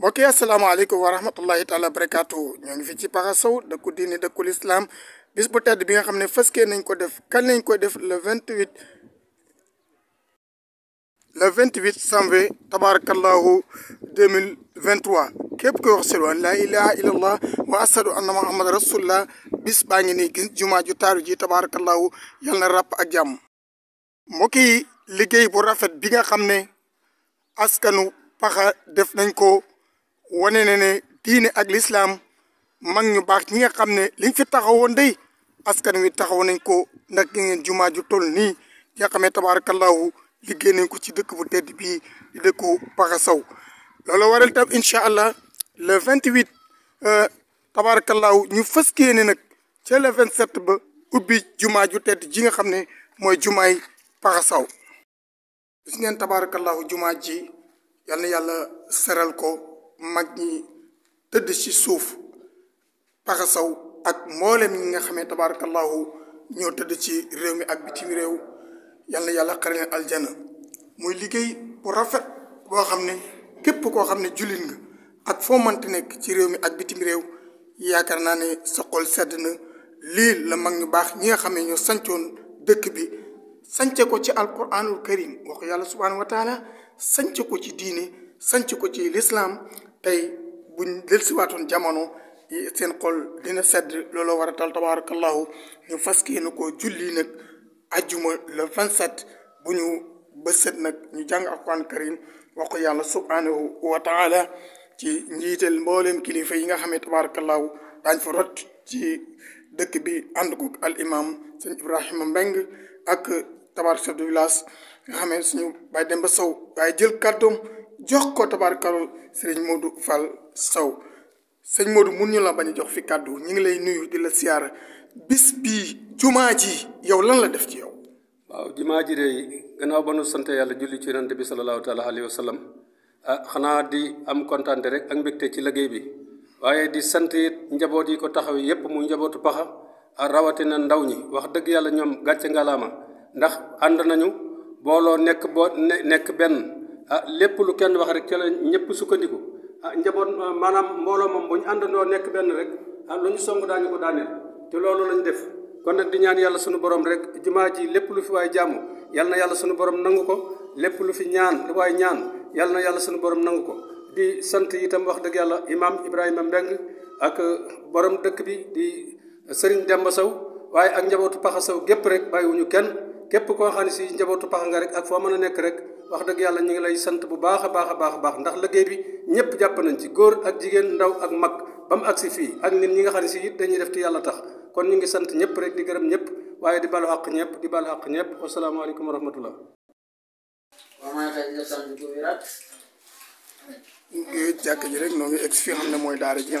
mbokk yi asalaamaaleykum wa rahmatullahi taala barakaatu ñoo ngi fi ci Paxa Sow dëkku diini dëkku lislaam bis bu tedd bi xam ne fëskee nañ ko def kan nañ ko def le 28 le 28 janvier tabarakallahu 2023 képp koy wax sirwaan laa ilaha illallah wa asadu anna muhammad rasulullah bis baa ngi nii gis jumaa ju taaru ji tabarakallahu yal na ràpp ak jàmm mbokk liggéey bu rafet bi nga xam ne askanu Paxa def nañ ko wane ne ne diine ak lislaam mag ñu baax ñi nga xam ne liñ fi taxawoon day askan wi taxaw nañ ko ndax gi ngeen jumaa ju toll nii nga xamee tabaarakallaahu liggéey nañ ko ci dëkk bu tedd bii di dëkku Paxa Sow loolu waral tam incha allah le vingt huit euh, tabaarakallaahu ñu fës yéene nag ca le vingt sept ba ubbi jumaa ju tedd ji nga xam ne mooy jumaay Paxa Sow gis ngeen tabaarakallaahu jumaa ji yal na yàlla seral ko mag ñi tëdd ci suuf paxasaw ak mboolem ñi nga xamee tabarakallahu ñoo tëdd ci réew mi ak bitim réew yal yàlla xare leen aljana liggéey bu rafet boo xam ne képp koo xam ne jullit nga ak foo mënti nekk ci réew mi ak bitim réew yaakaar naa ne sa sedd na lii la mag ñu baax ñi nga xam ne ñoo sancoon dëkk bi sance ko ci alquranul karim wax yàlla subhanahu wa taala sance ko ci diini sance ko ci lislaam tey buñ del siwaatoon jamono seen xol dina sedd looloo war a tal tabarakallahu ñu faskee na koo julli nag ajjuma le 27 bu ñu bësët nag ñu jàng alquran karim wax ko yàlla subhanahu wa taala ci njiital mboolem kilifa yi nga xamee tabarakallahu daañ fa ci dëkk bi ànd ko al imam sëñ ibrahima mbeng ak tabar chef de nga xamee suñu bàyyi dem ba sow waaye jël kàddoom jox ko tabarkal serigne Modou Fall saw serigne Modou mun ñu la bañ jox fi kàddu ñi ngi lay nuyu di la siar bis bi jumaa ji yow lan la def ci yow. waaw jumaa ji de gannaaw ba nu sant yalla julli ci yonante bi sallallahu taala alayhi wa sallam ah di am contante rek ak mbekté ci liggéey bi waaye di sant it njaboot yi ko taxaw yépp mu njabootu paxa ah, na ndaw ñi wax dëgg yàlla ñoom gàcce ngalaama ndax ànd nañu booloo nekk boo nekk benn. ah lépp lu kenn wax rek ca la ñëpp sukkandiku ah njaboot maanaam mbooloo moom bu ñu àndandoo nekk benn rek ah lu ñu song daañu ko daaneel te loolu lañu def kon di ñaan yàlla suñu borom rek jumaa ji lépp lu fi waay jaamu yàlla na yàlla sunu borom nangu ko lépp lu fi ñaan lu waay ñaan yàlla na yàlla suñu borom nangu ko di sant itam wax dëgg yàlla imaam Ibrahima Mbeng ak borom dëkk bi di Serigne Demba Sow waaye ak njabootu Paxa Sow gépp rek bàyyiwuñu kenn képp ko xam ne si njabootu pax nga rek ak foo mën a nekk rek wax dëgg yàlla ñu ngi lay sant bu baax a baax a baax baax ndax liggéey bi ñëpp jàpp nañ ci góor ak jigéen ndaw ak mag ba mu agsi fii ak nit ñi nga xam ne si it dañuy def ci yàlla tax kon ñu ngi sant ñëpp rek di gërëm ñëpp waaye di bal àq ñëpp di balu àq ñëpp wasalaamaaleykum wa rahmatullah ngi eh, jàkk ji rek noo ex fi xam ne mooy daara ji nga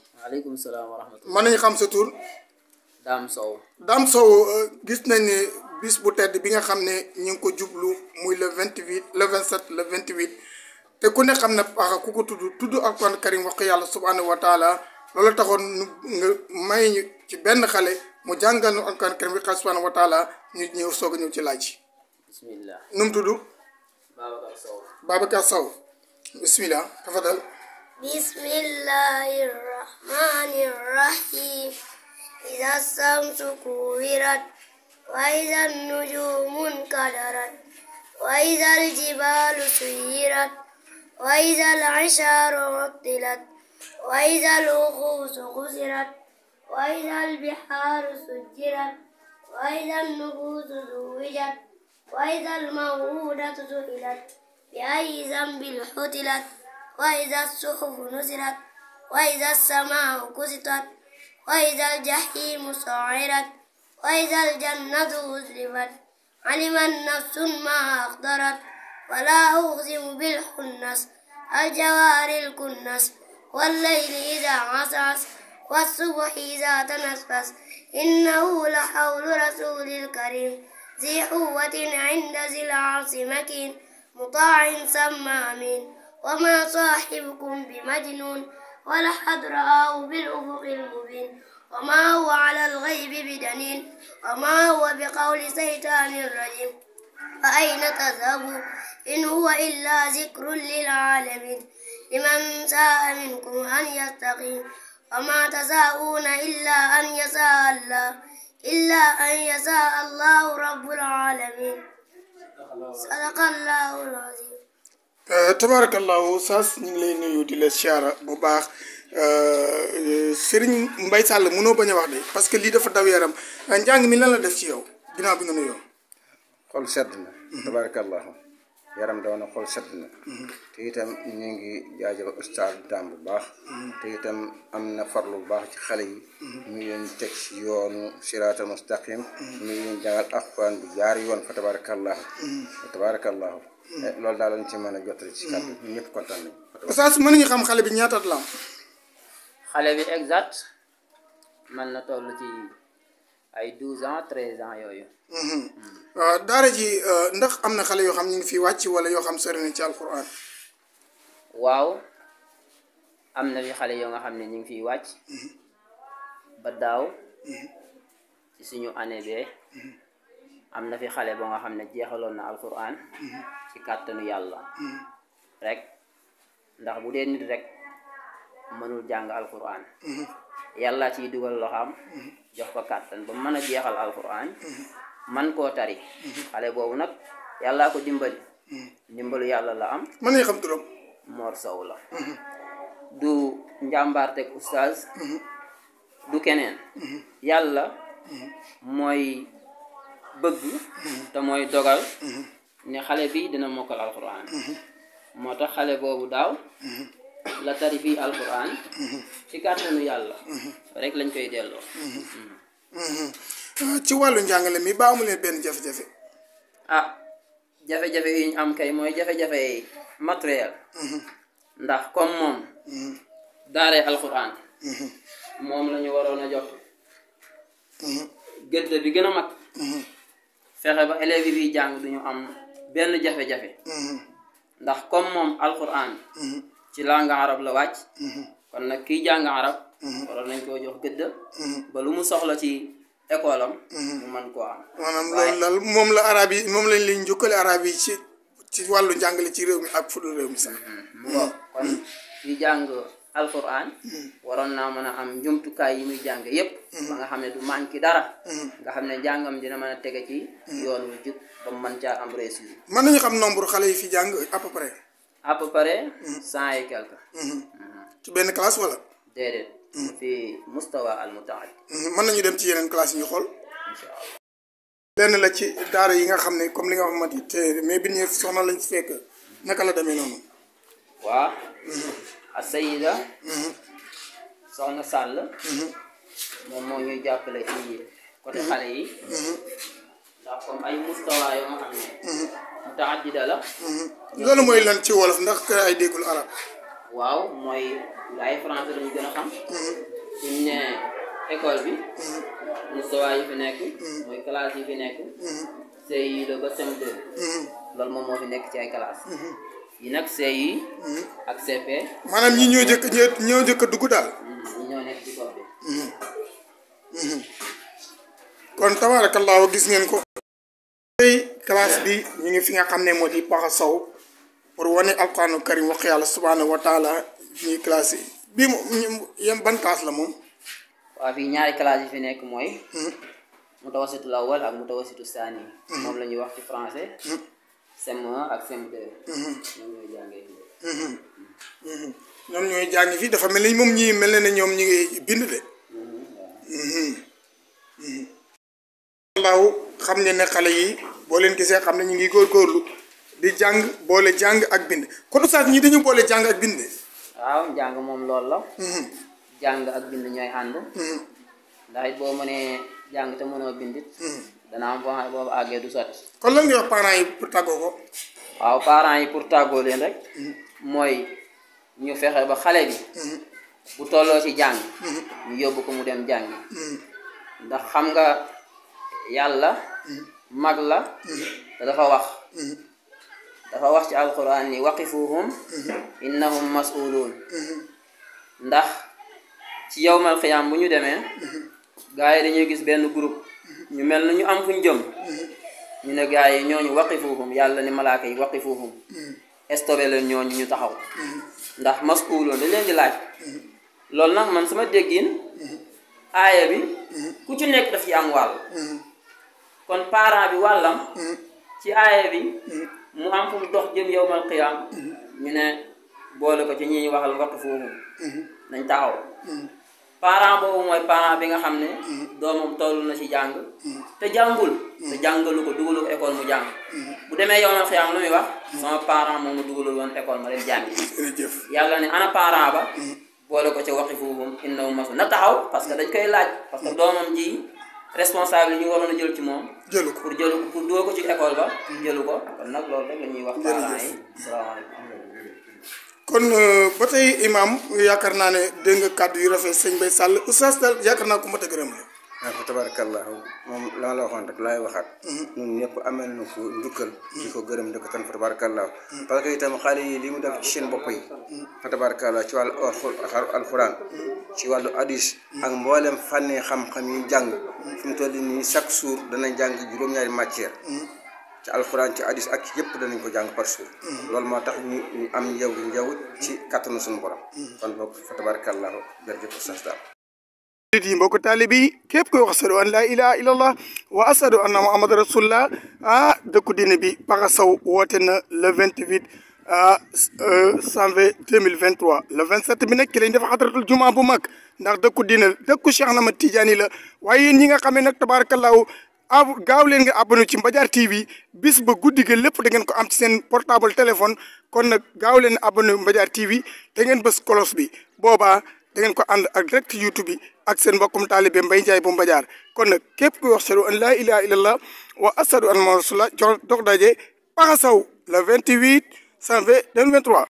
maaleykum salaam wa rahmatulah. mën nañu xam sa tur. Dame Sow. Dame Sow euh, gis nañ ni bis bu tedd bi nga xam ne ñu ngi ko jublu muy le vingt huit le vingt sept la vingt huit te ku ne xam ne paxa ku ko tudd tudd alquran karim wax yàlla subhanahu wa taala loolu taxoon nga may ñu ci benn xale mu jàngal nu alquran karim wax subhanahu wa taala ñu ñëw soog a ñëw ci laaj. bismillah nu mu tudd. Babacar Sow. Babacar الرحمن الرحيم إذا الشمس كورت وإذا النجوم انكدرت وإذا الجبال سيرت وإذا العشار عطلت وإذا الوقوس غسرت وإذا البحار سجرت وإذا النفوس زوجت وإذا الموءودة سئلت بأي ذنب حتلت وإذا الصحف نزلت وإذا السماء كسطت وإذا الجحيم سعرت وإذا الجنة أزلفت علم النفس ما أقدرت ولا أغزم بالحنس الجوار الكنس والليل إذا عسعس والصبح إذا تنفس إنه لحول رسول الكريم ذي قوة عند ذي العرش مكين مطاع ثم أمين وما صاحبكم بمجنون ولحد رآه بالأفق المبين وما هو على الغيب بدليل وما هو بقول شيطان رجيم فأين تذهبوا إن هو إلا ذكر للعالمين لمن شاء منكم أن يستقيم وما تزاؤون إلا أن يشاء الله إلا أن يشاء الله رب العالمين صدق الله العظيم Euh, tabarakallahu saas ñu ngi lay nuyu di la siyaara bu baax euh, Serigne Mbaye Sall mënoo bañ a wax de parce que lii dafa daw yaram euh, njàng mi lan la def ci yow ginnaaw bi nga nuyoo. xol sedd na. Mhm. tabarakallahu yaram daw na xol sedd na. Mhm. te itam ñu ngi jaajëfal ustaad daam bu baax. Mhm. te itam am na farlu bu baax ci xale yi. mu ngi leen teg ci yoonu siraatal mustaqim. mu ngi leen jàngal alxuraan bu jaar yoon fa tabarakallahu. fa tabarakallahu Eh, loolu daal lañ ci mën a jotali ci kàddu mm. ñun ñëpp kontaan nañ oustaz mën nañu xam xale bi ñaata at la am xale bi exact mën na toll ci ay 12 ans 13 ans yooyu mm-hmm. mm. euh, daara ji euh, ndax am na xale yoo xam ñu ngi fii wàcc wala yoo xam sori na ci alquran waaw am na xale yoo nga xam ne ñu ngi fiy wàcc mm-hmm. ba daaw mm-hmm. ci suñu année bee am na fi xale boo nga xam ne jeexaloon na alquran ci kàttanu yàlla ya hmm. rek ndax bu dee nit rek mënul jàng alquran hmm. yàlla ciy dugal loxaam hmm. jox ko kàttan ba mën a jeexal alquran man koo tari xale boobu nag yàllaa ko dimbali dimbalu yàlla la am mën xam turam Mor la du njàmbaarteg oustaz du kenen, yàlla mooy bëgg te mooy dogal ne xale bi dina mokkal alquran moo tax xale boobu daaw la tari fii alquran ci kàttanu yàlla rek lañ koy delloo euh, ci wàllu njàngale mi ba amu leen benn jafe-jafe ah jafe-jafe yi ñu am kay mooy jafe-jafe matériel ndax comme moom daaree alquran moom la waroon a jox gëdd bi gën a mag fexe ba élèves yi jàng duñu am benn jafe-jafe mm-hmm. ndax comme moom alquran mm-hmm. ci langue arab la wàcc mm-hmm. kon nag ki jàng arab waroon koo jox gëdd ba lu mu soxla ci école am mu mën koo am maanaam moom la arab yi moom lañ leen njukkale arab yi ci ci wàllu njàngale ci réew mi ak fu dul réew mi sax waaw kon kiy jàng alquran mm-hmm. waron na mën am jumtu kay yi muy jàng yépp ba nga xam ne du manki dara nga xam ne njàngam dina mëna a tege ci mm-hmm. yoon wu jub ba mu mën caa am réussite man nañu xam nombre xale yi fi jàng à peu près à peu près 100 et quelque ci benn classe wala déedéet mm-hmm. fi mustawa al mutaaddi mën nañu dem ci yeneen classe yi ñu xool incha la ci daara yi nga xam ne comme li nga xamante mais bi ñu soxna lañ fekk naka la demee noonu waa Assayida. Mm-hmm. Soxna Sall. Mm-hmm. moom moo ñuy jàppale ci côté mm-hmm. xale yi. ndax comme ay mustawa yoo nga la. loolu mooy lan ci wolof ndax ay déggul arab. waaw mooy ay français lañu gën a xam. suñu ne école bi. mustawa yi fi nekk. mooy classe yi fi nekk. CI2 e ba loolu moom moo fi nekk ci ay classe yi nag see yi. ak CP. maanaam ñi ñoo jëkk ñoo ñoo jëkk a mm-hmm. ñoo ci mm-hmm. Mm-hmm. kon tabaarakallaahu gis ngeen ko. tey classe bi ñu ngi fi nga xam ne moo di Paxa Sow pour wane alquranu karim wax yàlla subhaanahu wa taala ñuy classe yi bii ban classe la mom. waaw fii ñaari classe fi nekk mooy. mutawasitul awal ak mutawasitu saani. moom la wax ci français. CM1 ak CM2. ñoom ñooy jàngee fii. Mhm. Mhm. ñoom jàngi fii dafa mel ni moom ñii mel na ne ñoom ñu ngi bind de. waaw mhm. xam ngeen ne xale yi boo leen gisee xam ne ñu ngi góorgóorlu di jàng boole jàng ak bind kon oustaz ñii dañu boole jàng ak bind. waaw jàng moom loolu la. jàng ak bind ñooy ànd. ndax it boo mënee jàng te mënoo bind it. dana am foo xam ne du sat ko lan yo parents yi pour tago ko. waaw parents yi pour tago len rek. mooy ñu fexé ba xalé bi. bu tolo ci jang ñu yóbbu ko mu dem jang ndax xam nga yalla hmm. mag la. dafa wax. dafa wax ci alquran ni waqifuhum. Hmm. innahum mas'ulun hmm. ndax ci yowmal qiyam bu ñu démé gaay dañuy gis benn groupe. ñu mel na ñu am fuñ jëm ñu ne gars yi ñooñu waqifuhum yàlla ni malaaka yi waqifuhum stopé leen ñooñu ñu taxaw ndax maskuuloon dañ leen di laaj loolu nag man sama déggin aaya bi ku ci nekk daf ci am wàll kon parent bi wàllam ci aaya bi mu am fu mu dox jëm yowmal qiyaam ñu ne boole ko ci ñi ñuy waxal waqifuhum nañ taxaw parent boobu mooy parent bi nga xam ne hmm. doomam toll na ci jàng hmm. te jàngul hmm. te jàngalu ko dugalu ko école mu jàng bu demee yow na xiyaam lu wax sama parent moom ma dugalul woon école ma dem jàngi yàlla ne ana parent ba boole ko ca waxi foofu innawu masu na taxaw parce que dañ koy laaj parce que doomam ji responsable yi ñu waroon a jël ci moom jëlu ko pour jëlu pour dugal ko ci école ba jëlu ko nag loolu rek la ñuy wax parent yi salaamaaleykum kon euh, ba tey imaam yaakaar naa ne dégg nga kàddu yu rafet sëñ Mbaye sàll oustaz daal yaakaar naa ko mat a gërëm la. waaw ah, fa moom la la waxoon rek laay waxaat. Mhm. ñun ñëpp amee na ko njukkal. Mhm. di ko gërëm di ko tan fa tabarakallah mhm. parce que itam xale yi lii mu def ci seen bopp yi. fa tabarakallah ci wàllu alxuraan. ci wàllu adis ak mbooleem fànni xam-xam yi jàng. fi mu toll nii chaque jour dana jàng juróom-ñaari matière ci alxuraan ci hadis ak yëpp danañ ko jàng par que loolu moo tax ñu ñu am njew njew ci kattanu suñu borom. kon boog fa tabarakallahu jërëjëf oustaz daal. nit yi mbokk taalibi yi képp koy wax asadu an laa ilaha illallah wa asadu anna muhammad rasulullah ah dëkku diine bi Paxa Sow woote na le 28 ah 120 2023 le 27 bi nekk lañ def xadratul juma bu mag ndax dëkku diine dëkku Cheikh Ahmad Tidiane la waaye yéen ñi nga xam tabarakallahu ab gaaw leen nga abonné ci Mbadiar TV bis ba guddi ga lépp da ngeen ko am ci seen portable téléphone kon nag gaaw leen abonné Mbadiar TV da ngeen bës kolos bi boobaa da ngeen ko ànd ak direct YouTube bi ak seen mbokkum taalibe Mbaye Ndiaye bu Mbadiar kon nag képp kuy wax sadu an laa ilaha illallah wa asadu an rasulullah jox dox daje paxasaw le 28 janvier 2023